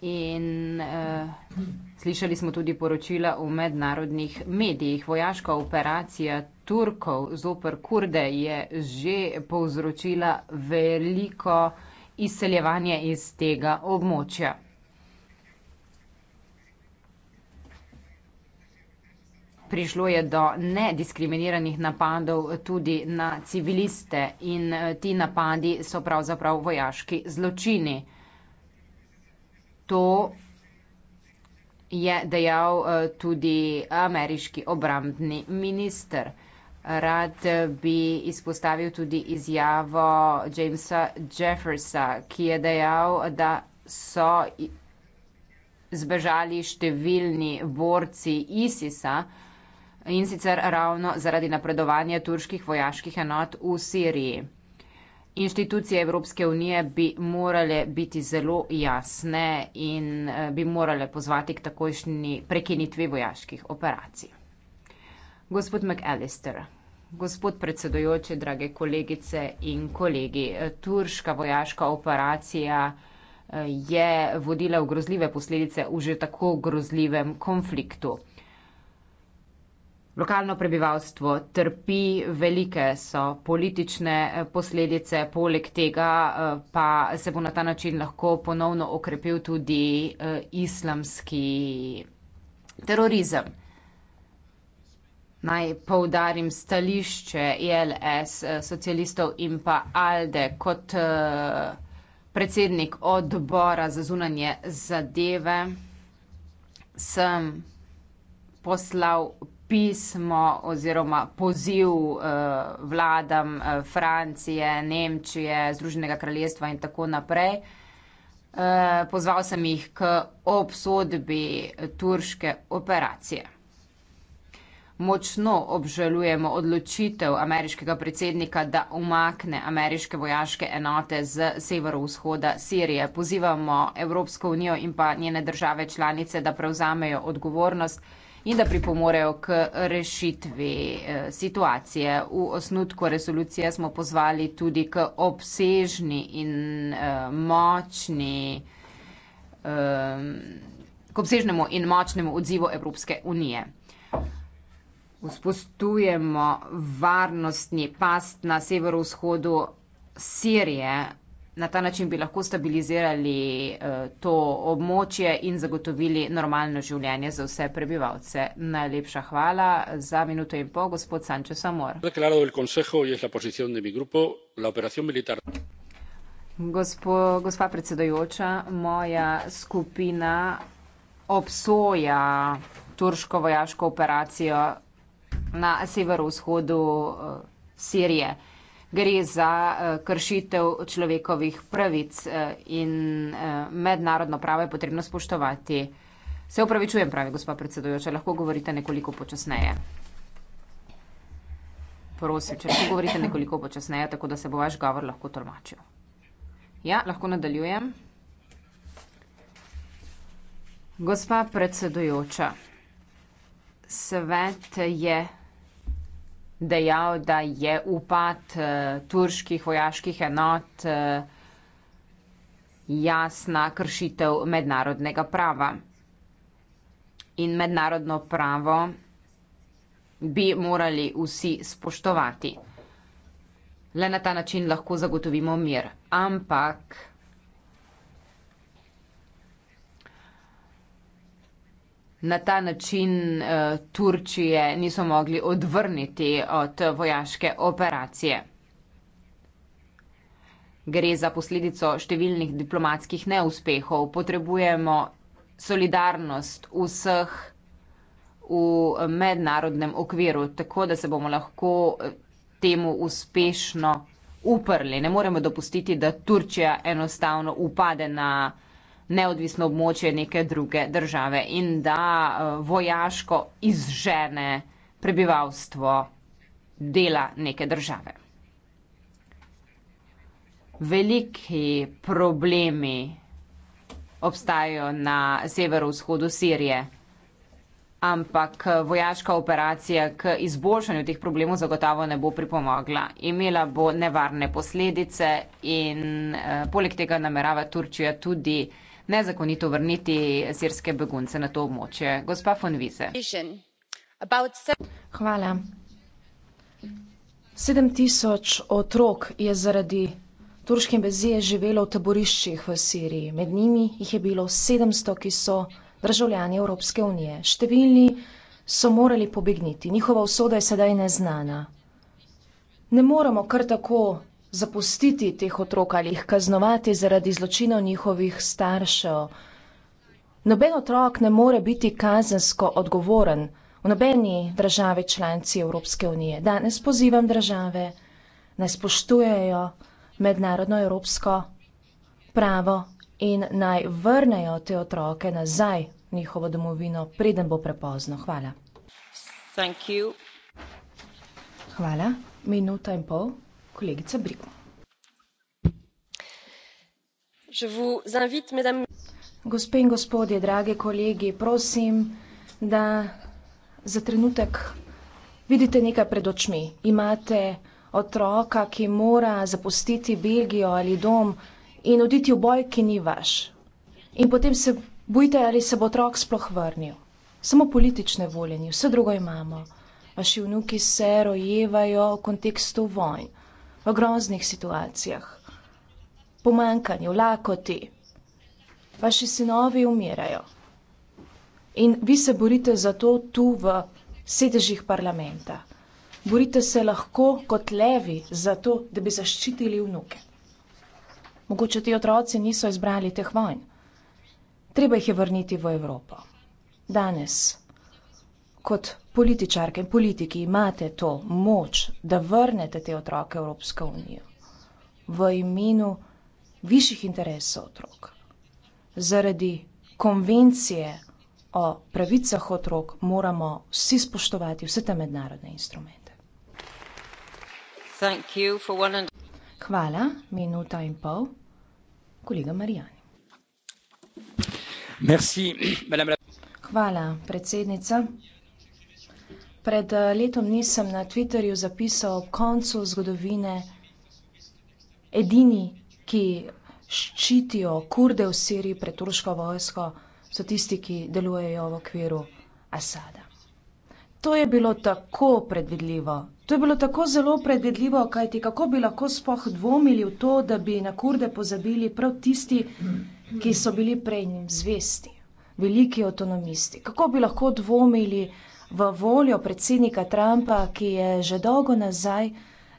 In uh, slišali smo tudi poročila v mednarodnih medijih. Vojaška operacija Turkov zoper Kurde je že povzročila veliko izseljevanje iz tega območja. Prišlo je do nediskriminiranih napadov tudi na civiliste in eh, ti napadi so pravzaprav vojaški zločini. To je dejal eh, tudi ameriški obrambni minister. Rad bi izpostavil tudi izjavo Jamesa Jeffersa, ki je dejal, da so zbežali številni borci ISIS-a in sicer ravno zaradi napredovanja turških vojaških enot v Siriji. Inštitucije Evropske unije bi morale biti zelo jasne in eh, bi morale pozvati k takojšnji prekinitvi vojaških operacij. Gospod McAllister, gospod predsedujoči, drage kolegice in kolegi, eh, turška vojaška operacija eh, je vodila v grozljive posledice v že tako grozljivem konfliktu. Lokalno prebivalstvo trpi, velike so politične eh, posledice, poleg tega eh, pa se bo na ta način lahko ponovno okrepil tudi eh, islamski terorizem. Naj povdarim stališče ILS, socialistov in pa ALDE kot predsednik odbora za zunanje zadeve sem poslal pismo oziroma poziv eh, vladam eh, Francije, Nemčije, Združenega kraljestva in tako naprej. Eh, pozval sem jih k obsodbi turške operacije. Močno obžalujemo odločitev ameriškega predsednika, da umakne ameriške vojaške enote z severovzhoda Sirije. Pozivamo Evropsko unijo in pa njene države članice, da prevzamejo odgovornost in da pripomorejo k rešitvi eh, situacije. V osnutku resolucije smo pozvali tudi k obsežni in eh, močni. Eh, k obsežnemu in močnemu odzivu Evropske unije. Vzpostujemo varnostni past na severovzhodu Sirije, Na ta način bi lahko stabilizirali eh, to območje in zagotovili normalno življenje za vse prebivalce. Najlepša hvala za minuto in pol, gospod Sančes Amor. Gospo, gospa predsedojoča, moja skupina obsoja turško vojaško operacijo na severovzhodu eh, Sirije gre za eh, kršitev človekovih pravic eh, in eh, mednarodno pravo je potrebno spoštovati. Se upravičujem, pravi gospa predsedujoča, lahko govorite nekoliko počasneje. Prosim, če lahko govorite nekoliko počasneje, tako da se bo vaš govor lahko tolmačil. Ja, lahko nadaljujem. Gospa predsedujoča, svet je dejal, da je upad uh, turških vojaških enot uh, jasna kršitev mednarodnega prava. In mednarodno pravo bi morali vsi spoštovati. Le na ta način lahko zagotovimo mir. Ampak. na ta način uh, Turčije niso mogli odvrniti od vojaške operacije. Gre za posledico številnih diplomatskih neuspehov. Potrebujemo solidarnost vseh v mednarodnem okviru, tako da se bomo lahko eh, temu uspešno uprli. Ne moremo dopustiti, da Turčija enostavno upade na neodvisno območje neke druge države in da eh, vojaško izžene prebivalstvo dela neke države. Veliki problemi obstajajo na severovzhodu Sirije, ampak eh, vojaška operacija k izboljšanju teh problemov zagotovo ne bo pripomogla. Imela bo nevarne posledice in eh, poleg tega namerava Turčija tudi eh, nezakonito vrniti sirske begunce na to območje. Gospa von Wiese. Hvala. Sedem tisoč otrok je zaradi turške invazije živelo v taboriščih v Siriji. Med njimi jih je bilo 700, ki so državljani Evropske unije. Številni so morali pobegniti. Njihova usoda je sedaj neznana. Ne moremo kar tako zapustiti teh otrok ali jih kaznovati zaradi zločinov njihovih staršev. Noben otrok ne more biti kazensko odgovoren v nobeni državi članci Evropske unije. Danes pozivam države, naj spoštujejo mednarodno evropsko pravo in naj vrnejo te otroke nazaj v njihovo domovino, preden bo prepozno. Hvala. Hvala. Minuta in pol kolegica briko gospe in gospodje dragi kolegi prosim da za trenutek vidite nekaj pred očmi imate otroka ki mora zapustiti belgijo ali dom in oditi v boj ki ni vaš in potem se bojite ali se bo otrok sploh vrnil samo politične volje ni vse drugo imamo vaši vnuki se rojevajo v kontekstu vojn v groznih situacijah, pomankanju, lakoti. Vaši sinovi umirajo. In vi se borite za to tu v sedežih parlamenta. Borite se lahko kot levi za to, da bi zaščitili vnuke. Mogoče ti otroci niso izbrali teh vojn. Treba jih je vrniti v Evropo. Danes, kot političarke in politiki imate to moč, da vrnete te otroke v Evropsko unijo v imenu višjih interesov otrok, zaradi konvencije o pravicah otrok moramo vsi spoštovati vse te mednarodne instrumente. Hvala, minuta in pol. Kolega Marijani. Hvala, predsednica. Pred eh, letom nisem na Twitterju zapisal o koncu zgodovine. Edini, ki ščitijo kurde v Siriji pred turško vojsko, so tisti, ki delujejo v okviru Asada. To je bilo tako predvidljivo. To je bilo tako zelo predvidljivo, kajti kako bi lahko spoh dvomili v to, da bi na kurde pozabili prav tisti, ki so bili prej njim zvesti, veliki avtonomisti. Kako bi lahko dvomili, v voljo predsednika Trumpa, ki je že dolgo nazaj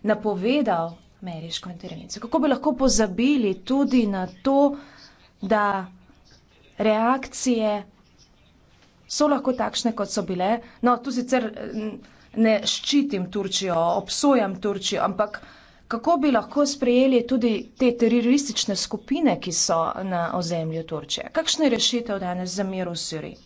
napovedal ameriško intervencijo. Kako bi lahko pozabili tudi na to, da reakcije so lahko takšne, kot so bile. No, tu sicer mm, ne ščitim Turčijo, obsojam Turčijo, ampak kako bi lahko sprejeli tudi te teroristične skupine, ki so na ozemlju Turčije? Kakšna je rešitev danes za mir v Siriji?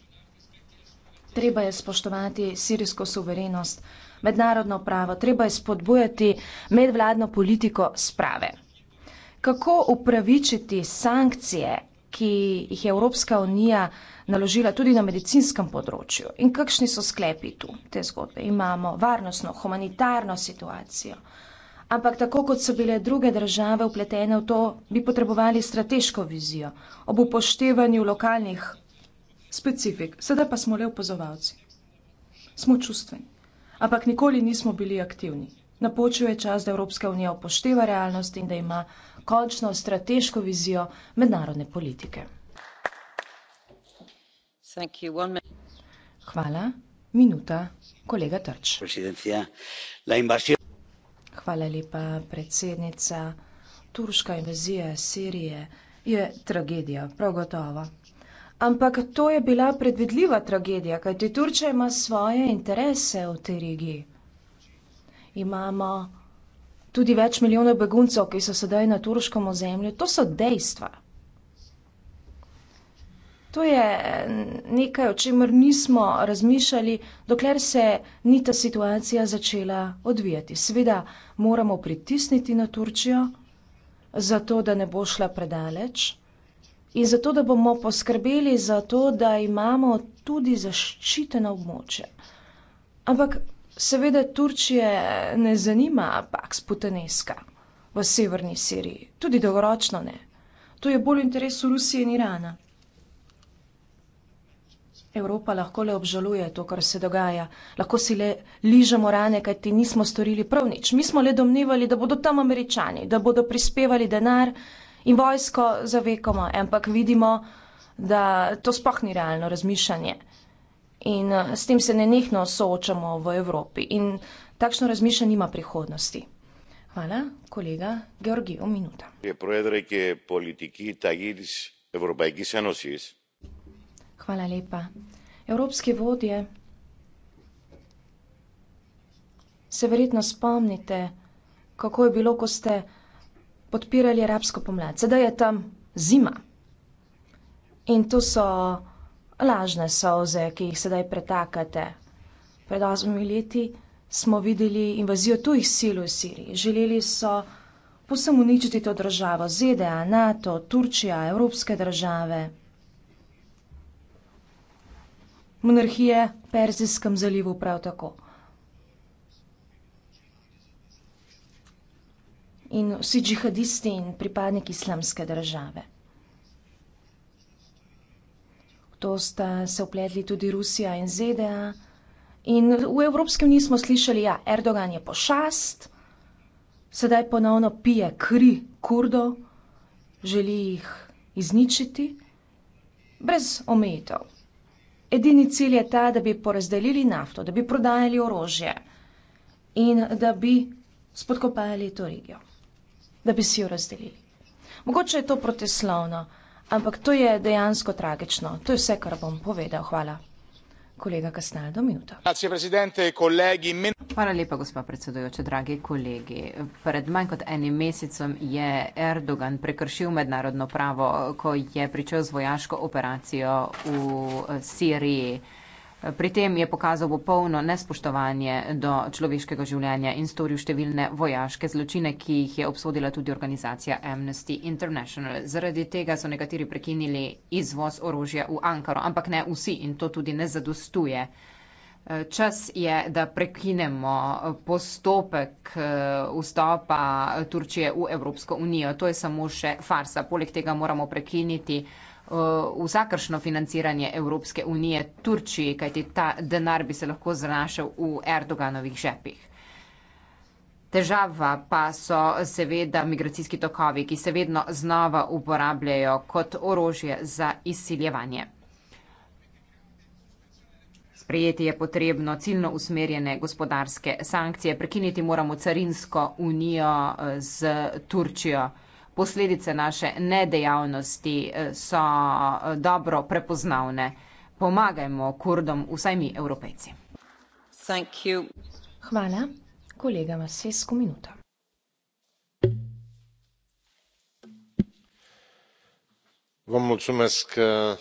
Treba je spoštovati sirijsko suverenost, mednarodno pravo, treba je spodbujati medvladno politiko sprave. Kako upravičiti sankcije, ki jih je Evropska unija naložila tudi na medicinskem področju in kakšni so sklepi tu te zgodbe? Imamo varnostno, humanitarno situacijo, ampak tako kot so bile druge države upletene v to, bi potrebovali strateško vizijo ob upoštevanju lokalnih specifik, sedaj pa smo le opazovalci. Smo čustveni, ampak nikoli nismo bili aktivni. Napočil je čas, da Evropska unija upošteva realnost in da ima končno strateško vizijo mednarodne politike. Hvala. Minuta, kolega Trč. Hvala lepa, predsednica. Turška invazija Sirije je tragedija, prav gotovo. Ampak to je bila predvidljiva tragedija, kajti Turčija ima svoje interese v tej regiji. Imamo tudi več milijonov beguncev, ki so sedaj na turškem ozemlju. To so dejstva. To je nekaj, o čemer nismo razmišljali, dokler se ni ta situacija začela odvijati. Sveda moramo pritisniti na Turčijo, zato da ne bo šla predaleč in zato, da bomo poskrbeli za to, da imamo tudi zaščitene območje. Ampak seveda Turčije ne zanima Pax Putaneska v severni Siriji, tudi dolgoročno ne. To je bolj v interesu Rusije in Irana. Evropa lahko le obžaluje to, kar se dogaja. Lahko si le ližemo rane, kaj ti nismo storili prav nič. Mi smo le domnevali, da bodo tam američani, da bodo prispevali denar, in vojsko za vekoma, ampak vidimo, da to sploh ni realno razmišljanje. In eh, s tem se nenehno soočamo v Evropi. In takšno razmišljanje nima prihodnosti. Hvala, kolega Georgijo, minuta. Hvala lepa. Evropski vodje, se verjetno spomnite, kako je bilo, ko ste podpirali arabsko pomlad. Sedaj je tam zima. In to so lažne soze, ki jih sedaj pretakate. Pred osmimi leti smo videli invazijo tujih sil v Siriji. Želeli so posem uničiti to državo. ZDA, NATO, Turčija, evropske države. Monarhije v Perzijskem zalivu prav tako. in vsi džihadisti in pripadniki islamske države. V to sta se upletli tudi Rusija in ZDA. In v Evropski uniji smo slišali, da ja, Erdogan je pošast, sedaj ponovno pije kri kurdov, želi jih izničiti, brez omejitev. Edini cilj je ta, da bi porazdelili nafto, da bi prodajali orožje in da bi spodkopali to regijo da bi si jo razdelili. Mogoče je to protislovno, ampak to je dejansko tragično. To je vse, kar bom povedal. Hvala. Kolega Kasnal, do minuta. Hvala lepa, gospa predsedujoča, dragi kolegi. Pred manj kot enim mesecem je Erdogan prekršil mednarodno pravo, ko je pričel z vojaško operacijo v Siriji. Pri tem je pokazal popolno nespoštovanje do človeškega življenja in storil številne vojaške zločine, ki jih je obsodila tudi organizacija Amnesty International. Zaradi tega so nekateri prekinili izvoz orožja v Ankaro, ampak ne vsi in to tudi ne zadostuje. Čas je, da prekinemo postopek vstopa Turčije v Evropsko unijo. To je samo še farsa. Poleg tega moramo prekiniti. Eh, vsakršno financiranje Evropske unije Turčiji, kajti ta denar bi se lahko zanašal v Erdoganovih žepih. Težava pa so seveda migracijski tokovi, ki se vedno znova uporabljajo kot orožje za izsiljevanje. Sprejeti je potrebno ciljno usmerjene gospodarske sankcije, prekiniti moramo carinsko unijo eh, z Turčijo posledice naše nedejavnosti eh, so eh, dobro prepoznavne. Pomagajmo Kurdom, vsaj mi, Evropejci. Hvala. Kolega Masesko, minuta. Eh,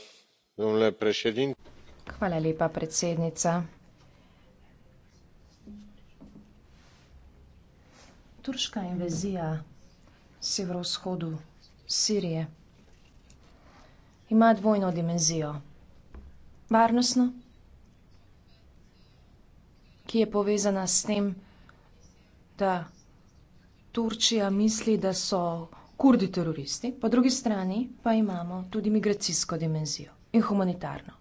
Hvala lepa, predsednica. Turška invazija severovzhodu Sirije, ima dvojno dimenzijo. Varnostno, ki je povezana s tem, da Turčija misli, da so kurdi teroristi, po drugi strani pa imamo tudi migracijsko dimenzijo in humanitarno.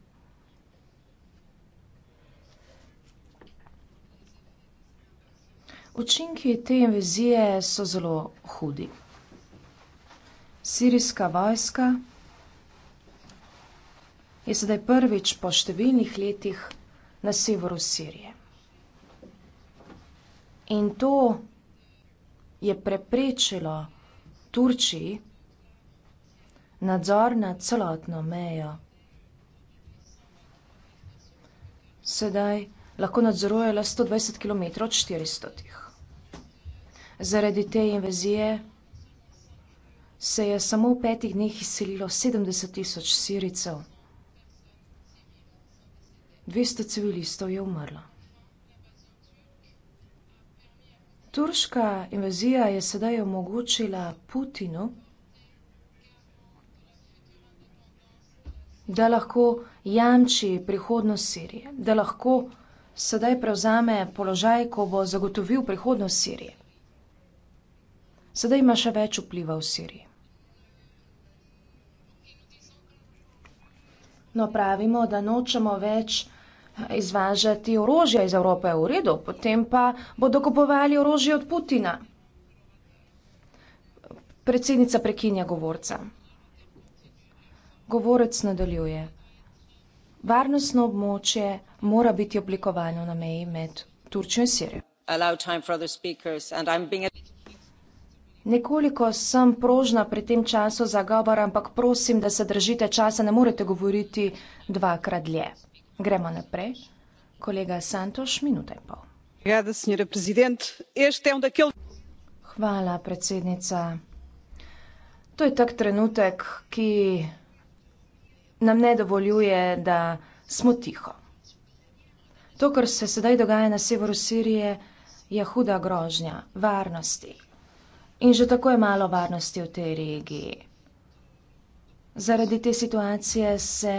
Učinki te invazije so zelo hudi. Sirijska vojska je sedaj prvič po številnih letih na severu Sirije. In to je preprečilo Turčiji nadzor nad celotno mejo. Sedaj lahko nadzoruje le 120 km od 400. Zaradi te invazije se je samo v petih dneh izselilo 70 tisoč siricev. 200 civilistov je umrlo. Turška invazija je sedaj omogočila Putinu, da lahko jamči prihodnost Sirije, da lahko sedaj prevzame položaj, ko bo zagotovil prihodnost Sirije. Sedaj ima še več vpliva v Siriji. No, pravimo, da nočemo več izvažati orožja iz Evrope, v redu, potem pa bodo kupovali orožje od Putina. Predsednica prekinja govorca. Govorec nadaljuje. Varnostno območje mora biti oblikovano na meji med Turčjo in Sirijo. Nekoliko sem prožna pri tem času za govor, ampak prosim, da se držite časa, ne morete govoriti dvakrat dlje. Gremo naprej. Kolega Santoš, minuta in pol. Um Hvala, predsednica. To je tak trenutek, ki nam ne dovoljuje, da smo tiho. To, kar se sedaj dogaja na severu Sirije, je huda grožnja varnosti. In že tako je malo varnosti v tej regiji. Zaradi te situacije se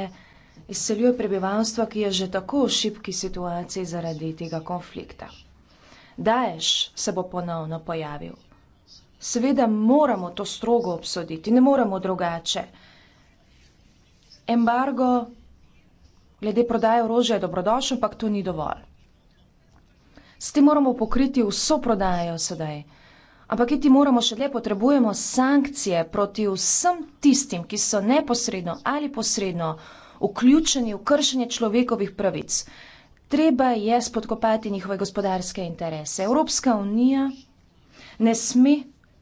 izseljuje prebivalstvo, ki je že tako v šibki situaciji zaradi tega konflikta. Daješ se bo ponovno pojavil. Seveda moramo to strogo obsoditi, ne moremo drugače. Embargo glede prodaje orožja je dobrodošel, ampak to ni dovolj. S tem moramo pokriti vso prodajo sedaj. Ampak iti moramo še dlje, potrebujemo sankcije proti vsem tistim, ki so neposredno ali posredno vključeni v kršenje človekovih pravic. Treba je spodkopati njihove gospodarske interese. Evropska unija ne sme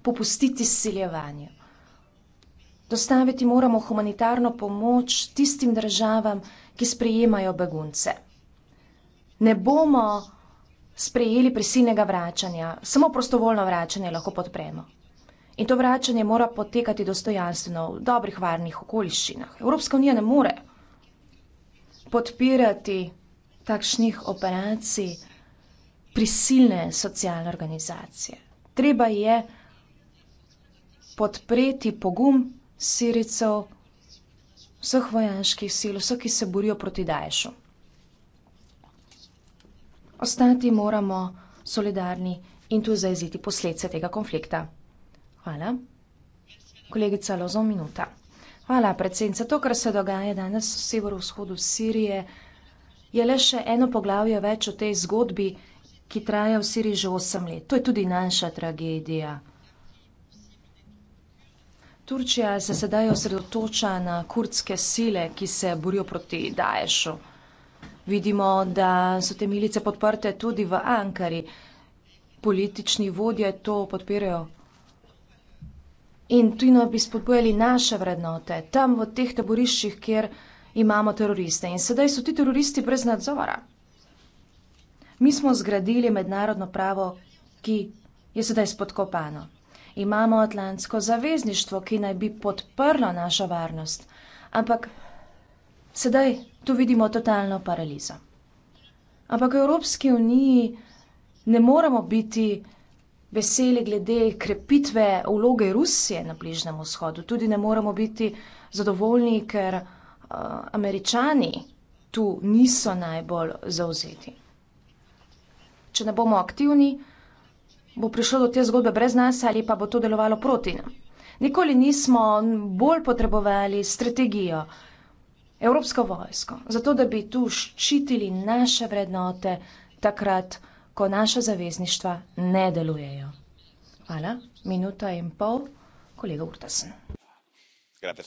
popustiti siljevanju. Dostaviti moramo humanitarno pomoč tistim državam, ki sprejemajo begunce. Ne bomo sprejeli prisilnega vračanja, samo prostovoljno vračanje lahko podpremo. In to vračanje mora potekati dostojanstveno v dobrih varnih okoliščinah. Evropska unija ne more podpirati takšnih operacij prisilne socialne organizacije. Treba je podpreti pogum Siricov, vseh vojaških sil, vseh, ki se borijo proti Daješu. Ostati moramo solidarni in tu zajeziti posledce tega konflikta. Hvala. Kolegica Lozo, minuta. Hvala, predsednica. To, kar se dogaja danes v severovzhodu Sirije, je le še eno poglavje več v tej zgodbi, ki traja v Siriji že osem let. To je tudi naša tragedija. Turčija se sedaj osredotoča na kurdske sile, ki se borijo proti Daješu. Vidimo, da so te milice podprte tudi v Ankari. Politični vodje to podpirajo. In tudi bi spodbujali naše vrednote, tam v teh taboriščih, kjer imamo teroriste. In sedaj so ti teroristi brez nadzora. Mi smo zgradili mednarodno pravo, ki je sedaj spodkopano. Imamo Atlantsko zavezništvo, ki naj bi podprlo našo varnost. Ampak Sedaj tu vidimo totalno paralizo. Ampak v Evropski uniji ne moramo biti veseli glede krepitve vloge Rusije na Bližnem vzhodu. Tudi ne moramo biti zadovoljni, ker uh, američani tu niso najbolj zauzeti. Če ne bomo aktivni, bo prišlo do te zgodbe brez nas ali pa bo to delovalo proti nam. Nikoli nismo bolj potrebovali strategijo. Evropsko vojsko, zato da bi tu ščitili naše vrednote, takrat, ko naša zavezništva ne delujejo. Hvala, minuta in pol, kolega Urtasen. Hvala,